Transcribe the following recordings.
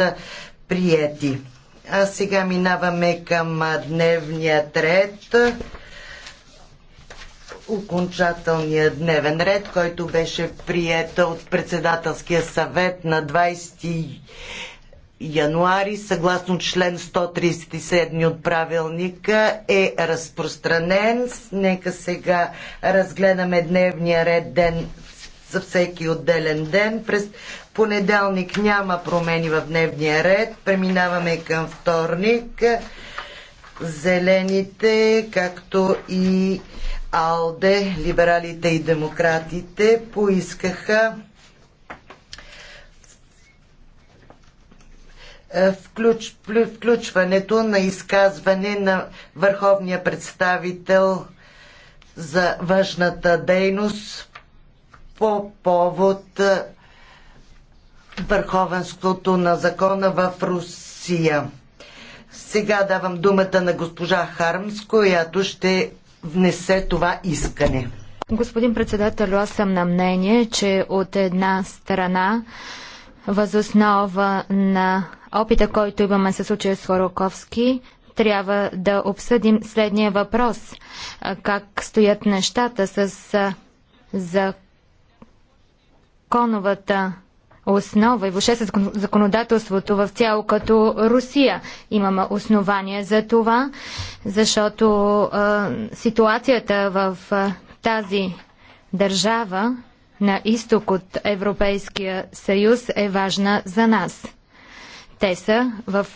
са приети. А сега минаваме към дневния ред. окончателният дневен ред, който беше прият от председателския съвет на 20 януари, съгласно член 137 от правилника, е разпространен. Нека сега разгледаме дневния ред ден за всеки отделен ден. През понеделник няма промени в дневния ред. Преминаваме към вторник. Зелените, както и АЛДЕ, либералите и демократите поискаха е, включ, включването на изказване на върховния представител за външната дейност по повод е, върховенството на закона в Русия. Сега давам думата на госпожа Хармс, която ще внесе това искане. Господин председател, аз съм на мнение, че от една страна възоснова на опита, който имаме със случая с Хороковски, трябва да обсъдим следния въпрос. Как стоят нещата с законовата основа и въобще с законодателството в цяло като Русия. Имаме основания за това, защото а, ситуацията в а, тази държава на изток от Европейския съюз е важна за нас. Те са в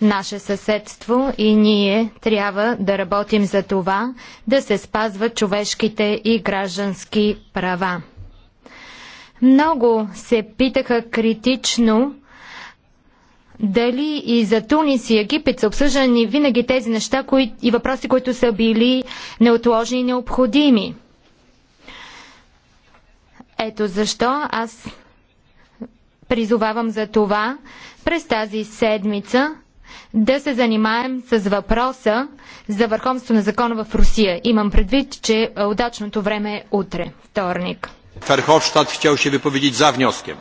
наше съседство и ние трябва да работим за това да се спазват човешките и граждански права. Много се питаха критично дали и за Тунис и Египет са обсъждани винаги тези неща кои, и въпроси, които са били неотложни и необходими. Ето защо аз призовавам за това през тази седмица да се занимаем с въпроса за върховство на закона в Русия. Имам предвид, че е удачното време е утре, вторник verhofstadt chciał się wypowiedzieć za wnioskiem.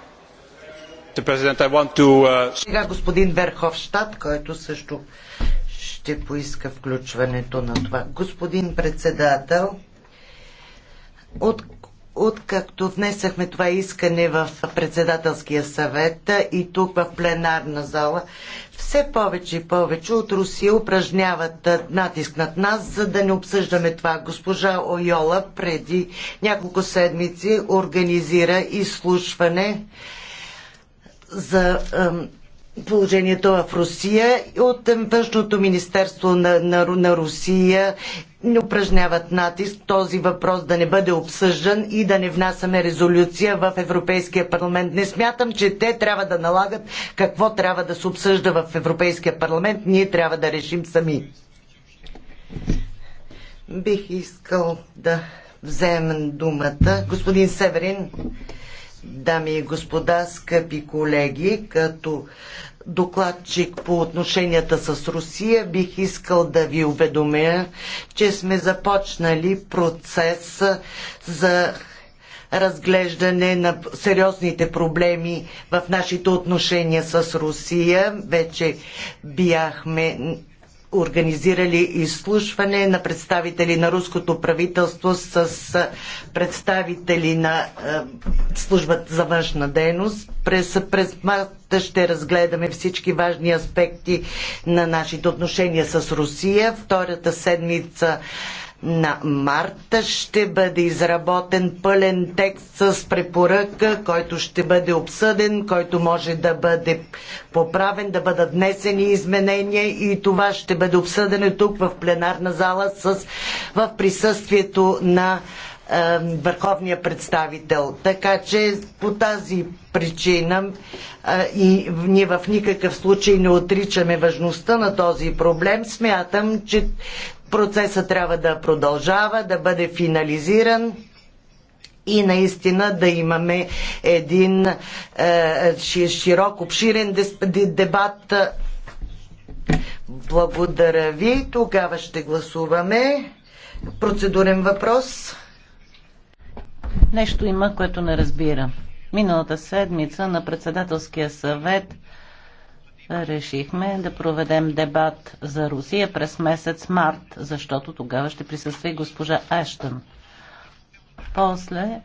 Uh, Сега господин Верховщад, който също ще поиска включването на това. Господин председател, от Откакто внесахме това искане в председателския съвет и тук в пленарна зала, все повече и повече от Русия упражняват натиск над нас, за да не обсъждаме това. Госпожа Ойола преди няколко седмици организира изслушване за положението в Русия от Външното министерство на, на, на Русия не упражняват натиск този въпрос да не бъде обсъждан и да не внасяме резолюция в Европейския парламент. Не смятам, че те трябва да налагат какво трябва да се обсъжда в Европейския парламент. Ние трябва да решим сами. Бих искал да вземем думата. Господин Северин, дами и господа, скъпи колеги, като докладчик по отношенията с Русия, бих искал да ви уведомя, че сме започнали процес за разглеждане на сериозните проблеми в нашите отношения с Русия. Вече бяхме организирали изслушване на представители на руското правителство с представители на службата за външна дейност. През, през марта ще разгледаме всички важни аспекти на нашите отношения с Русия. Втората седмица на марта ще бъде изработен пълен текст с препоръка, който ще бъде обсъден, който може да бъде поправен, да бъдат внесени изменения и това ще бъде обсъдено тук в пленарна зала с, в присъствието на е, върховния представител. Така че по тази причина е, и ние в никакъв случай не отричаме важността на този проблем. Смятам, че Процесът трябва да продължава, да бъде финализиран и наистина да имаме един е, широк, обширен дебат. Благодаря ви. Тогава ще гласуваме. Процедурен въпрос. Нещо има, което не разбира. Миналата седмица на председателския съвет решихме да проведем дебат за Русия през месец март, защото тогава ще присъства и госпожа Ештън. После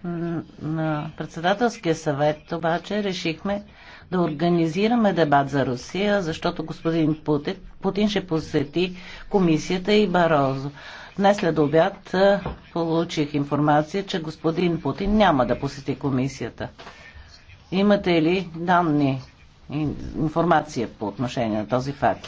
на председателския съвет обаче решихме да организираме дебат за Русия, защото господин Путин, Путин ще посети комисията и Барозо. Днес след обяд получих информация, че господин Путин няма да посети комисията. Имате ли данни информация по отношение на този факт.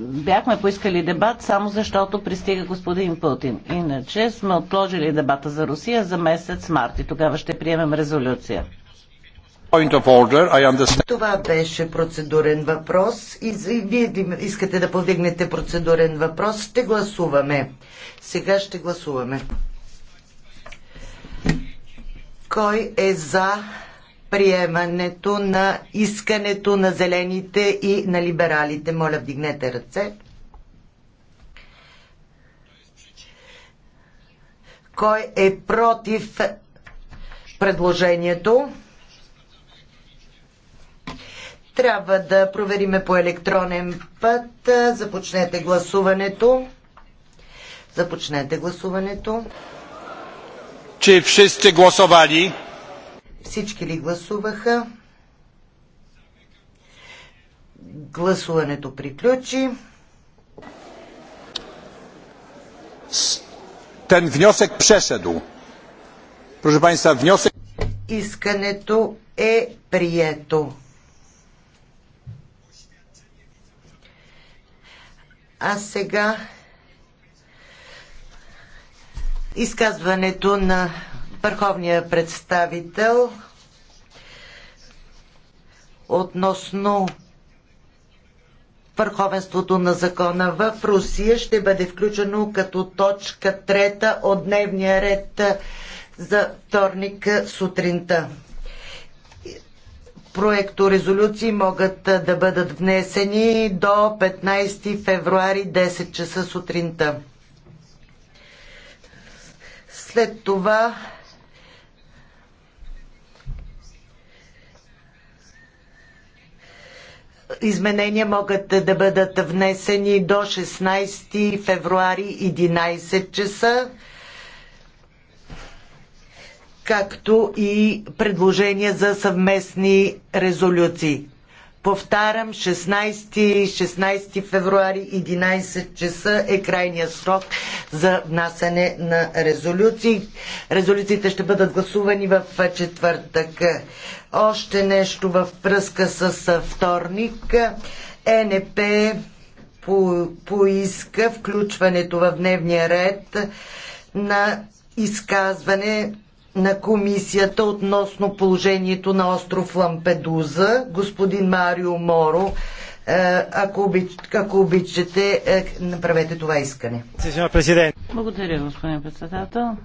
Бяхме поискали дебат само защото пристига господин Путин. Иначе сме отложили дебата за Русия за месец март и тогава ще приемем резолюция. Order, Това беше процедурен въпрос и вие искате да повдигнете процедурен въпрос. Ще гласуваме. Сега ще гласуваме. Кой е за приемането на искането на зелените и на либералите. Моля, вдигнете ръце. Кой е против предложението? Трябва да провериме по електронен път. Започнете гласуването. Започнете гласуването. Чи всички гласували? Всички ли гласуваха? Гласуването приключи. Ten wniosek przeszedł. Proszę Państwa, wniosek... Искането е прието. А сега изказването на върховния представител относно върховенството на закона в Русия ще бъде включено като точка трета от дневния ред за вторник сутринта. Проекто резолюции могат да бъдат внесени до 15 февруари 10 часа сутринта. След това изменения могат да бъдат внесени до 16 февруари 11 часа, както и предложения за съвместни резолюции. Повтарям, 16, 16 февруари 11 часа е крайният срок за внасяне на резолюции. Резолюциите ще бъдат гласувани в четвъртък. Още нещо в пръска с вторник. Е НП по, поиска включването в дневния ред на изказване на комисията относно положението на остров Лампедуза. Господин Марио Моро, е, ако, обич, ако обичате, е, направете това искане. Благодаря, господин председател.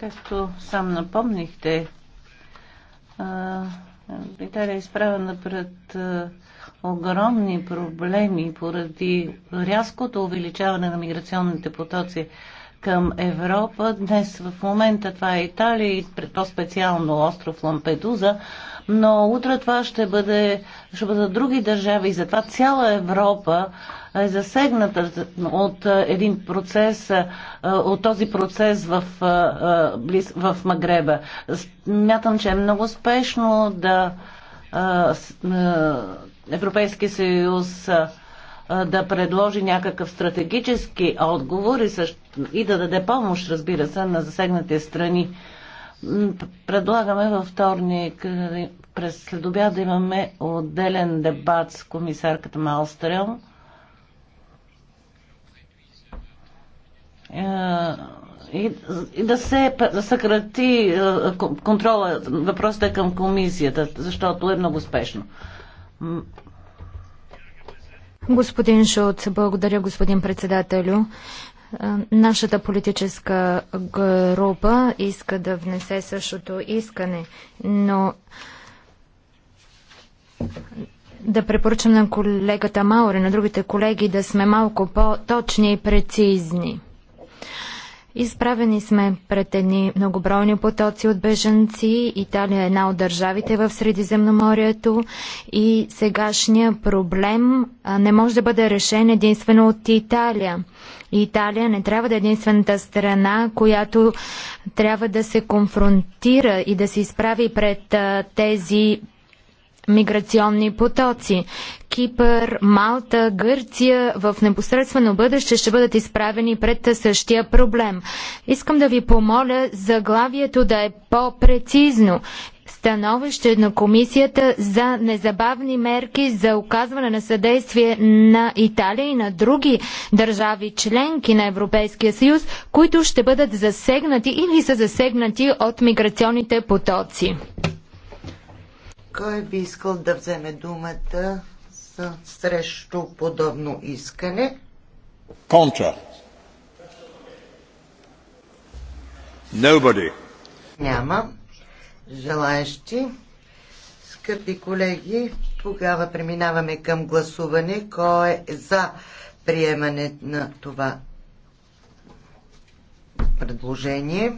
Както сам напомнихте, е, Италия е изправена пред огромни проблеми поради рязкото увеличаване на миграционните потоци към Европа. Днес в момента това е Италия и то специално остров Лампедуза, но утре това ще, бъде, ще бъдат други държави и затова цяла Европа е засегната от един процес, от този процес в, в Магреба. Мятам, че е много спешно да Европейския съюз да предложи някакъв стратегически отговор и, също, и да даде помощ, разбира се, на засегнатите страни. Предлагаме във вторник през следобя да имаме отделен дебат с комисарката Малстрел. И, и да се да съкрати контрола, въпросът е към комисията, защото е много спешно. Господин Шулц, благодаря, господин председателю. Нашата политическа група иска да внесе същото искане, но да препоръчам на колегата Маури, на другите колеги да сме малко по-точни и прецизни. Изправени сме пред едни многобройни потоци от бежанци. Италия е една от държавите в Средиземноморието и сегашния проблем не може да бъде решен единствено от Италия. Италия не трябва да е единствената страна, която трябва да се конфронтира и да се изправи пред тези миграционни потоци. Кипър, Малта, Гърция в непосредствено бъдеще ще бъдат изправени пред същия проблем. Искам да ви помоля заглавието да е по-прецизно. Становище на комисията за незабавни мерки за оказване на съдействие на Италия и на други държави членки на Европейския съюз, които ще бъдат засегнати или са засегнати от миграционните потоци. Кой би искал да вземе думата за срещу подобно искане? Контра. Nobody. Няма. Желаещи. Скъпи колеги, тогава преминаваме към гласуване. Кой е за приемане на това предложение?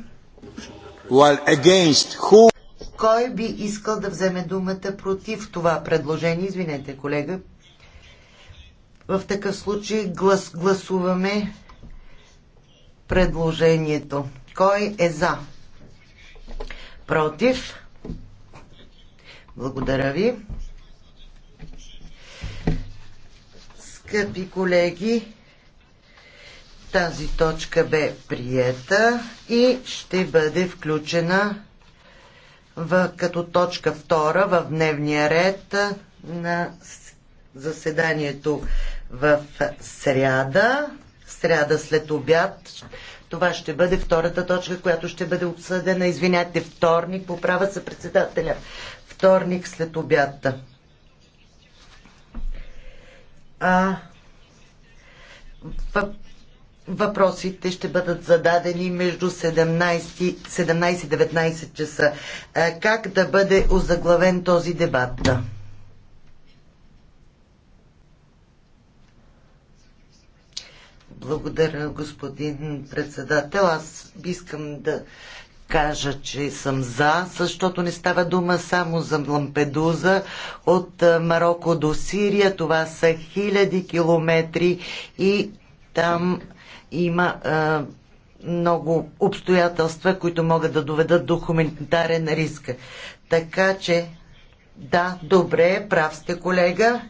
While against who? Кой би искал да вземе думата против това предложение? Извинете, колега. В такъв случай глас, гласуваме предложението. Кой е за? Против? Благодаря ви. Скъпи колеги, тази точка бе приета и ще бъде включена в, като точка втора в дневния ред на заседанието в сряда. Сряда след обяд. Това ще бъде втората точка, която ще бъде обсъдена. Извинявайте, вторник, поправа се председателя. Вторник след обядта. А, Въпросите ще бъдат зададени между 17-19 часа. Е, как да бъде озаглавен този дебат? Благодаря, господин председател. Аз искам да кажа, че съм за, защото не става дума само за Лампедуза. От е, Марокко до Сирия това са хиляди километри и там има а, много обстоятелства, които могат да доведат до хуманитарен риск. Така че, да, добре, прав сте колега,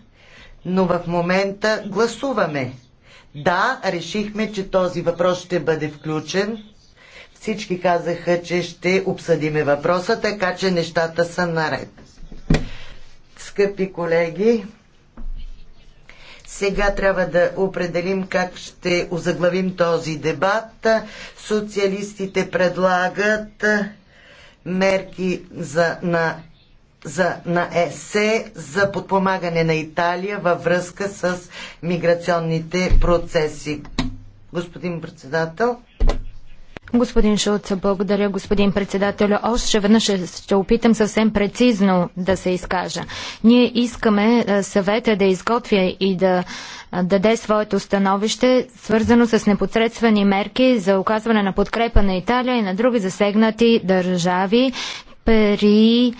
но в момента гласуваме. Да, решихме, че този въпрос ще бъде включен. Всички казаха, че ще обсъдиме въпроса, така че нещата са наред. Скъпи колеги, сега трябва да определим как ще озаглавим този дебат. Социалистите предлагат мерки за, на, за, на ЕСЕ за подпомагане на Италия във връзка с миграционните процеси. Господин председател, Господин Шулц, благодаря, господин председател. Още веднъж ще, ще опитам съвсем прецизно да се изкажа. Ние искаме е, съвета да изготвя и да е, даде своето становище, свързано с непосредствени мерки за оказване на подкрепа на Италия и на други засегнати държави при е,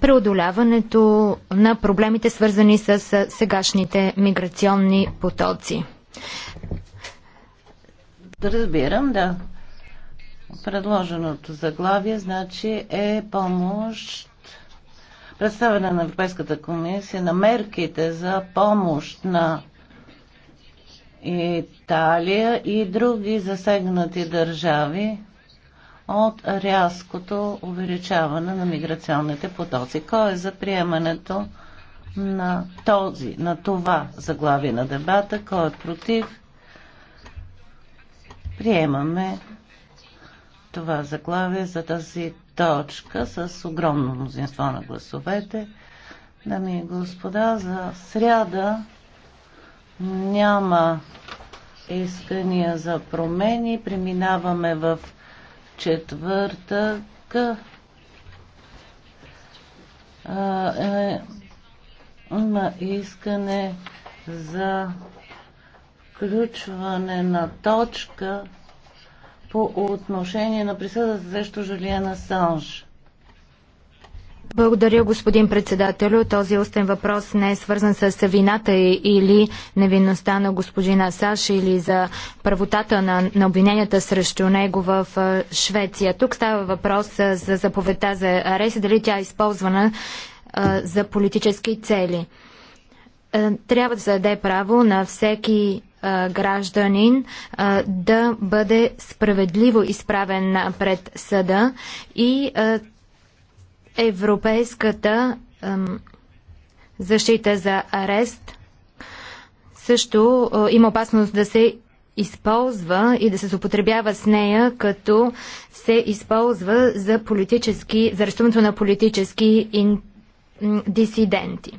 преодоляването на проблемите, свързани с сегашните миграционни потоци. Разбирам, да. Предложеното заглавие значи е помощ представяне на Европейската комисия на мерките за помощ на Италия и други засегнати държави от рязкото увеличаване на миграционните потоци. Кой е за приемането на този, на това заглавие на дебата? Кой е против? Приемаме това заглавие за тази точка с огромно мнозинство на гласовете. Дами и господа, за сряда няма искания за промени. Преминаваме в четвъртък. А, е, има искане за включване на точка по отношение на присъдата срещу Жулиан Санж. Благодаря, господин председател. Този устен въпрос не е свързан с вината или невинността на господина Саш или за правотата на, на обвиненията срещу него в Швеция. Тук става въпрос за заповедта за арест, дали тя е използвана а, за политически цели. А, е, трябва да се даде право на всеки гражданин да бъде справедливо изправен пред съда и европейската защита за арест също има опасност да се използва и да се употребява с нея, като се използва за политически, за на политически ин, дисиденти.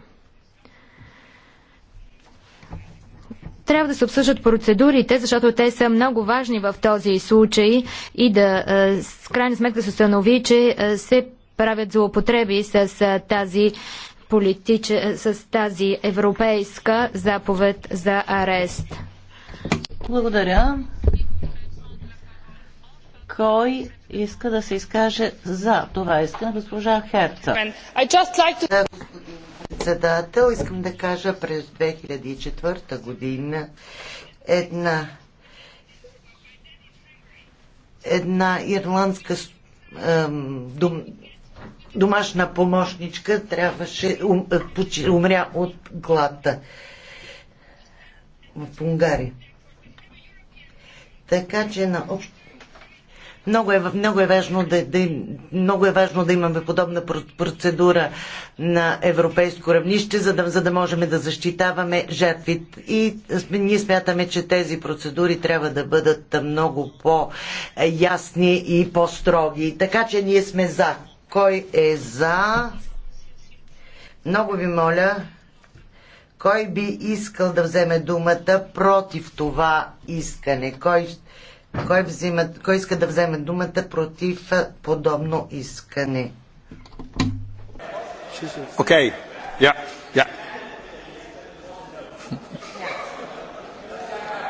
Трябва да се обсъждат процедурите, защото те са много важни в този случай и да е, с крайна сметка се установи, че е, се правят злоупотреби с е, тази политич... с тази европейска заповед за арест. Благодаря. Кой иска да се изкаже за това искане? Госпожа Херца председател. Искам да кажа, през 2004 година една една ирландска дом, домашна помощничка трябваше ум, е, умря от глада в Унгария. Така че на общ много е, много е, важно, да, да, много е важно да имаме подобна процедура на европейско равнище, за да, за да можем да защитаваме жертви. И ние смятаме, че тези процедури трябва да бъдат много по-ясни и по-строги. Така че ние сме за. Кой е за? Много ви моля, кой би искал да вземе думата против това искане? Кой кой, взима, кой иска да вземе думата против подобно искане? Окей. Я. Я.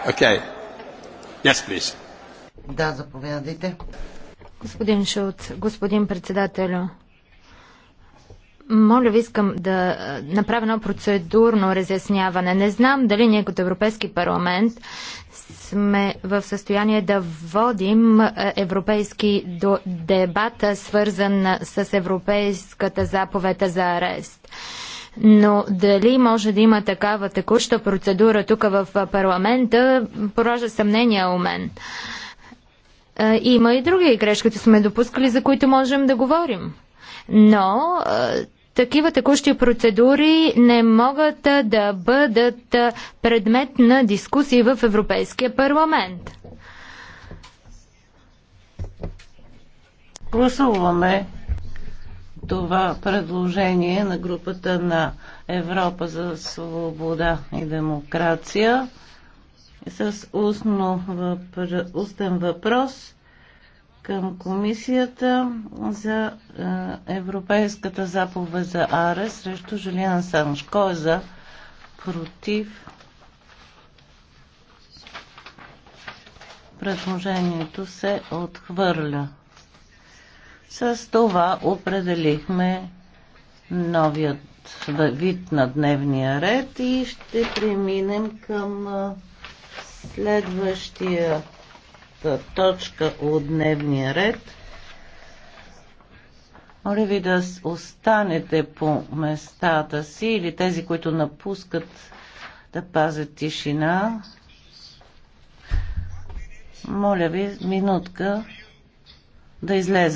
Окей. Yes, please. Да, заповядайте. Господин Шулц, господин председателю, моля ви, искам да направя едно процедурно разясняване. Не знам дали ние като Европейски парламент сме в състояние да водим европейски дебат, свързан с Европейската заповед за арест. Но дали може да има такава текуща процедура тук в парламента, поражда съмнение у мен. Има и други грешки, които сме допускали, за които можем да говорим. Но такива текущи процедури не могат да бъдат предмет на дискусии в Европейския парламент. Гласуваме това предложение на групата на Европа за свобода и демокрация с устно въпр... устен въпрос към комисията за е, Европейската заповед за АРЕ срещу Жулиан Санш. Кой е за? Против? Предложението се отхвърля. С това определихме новият вид на дневния ред и ще преминем към е, следващия точка от дневния ред. Моля ви да останете по местата си или тези, които напускат да пазят тишина. Моля ви, минутка да излезе.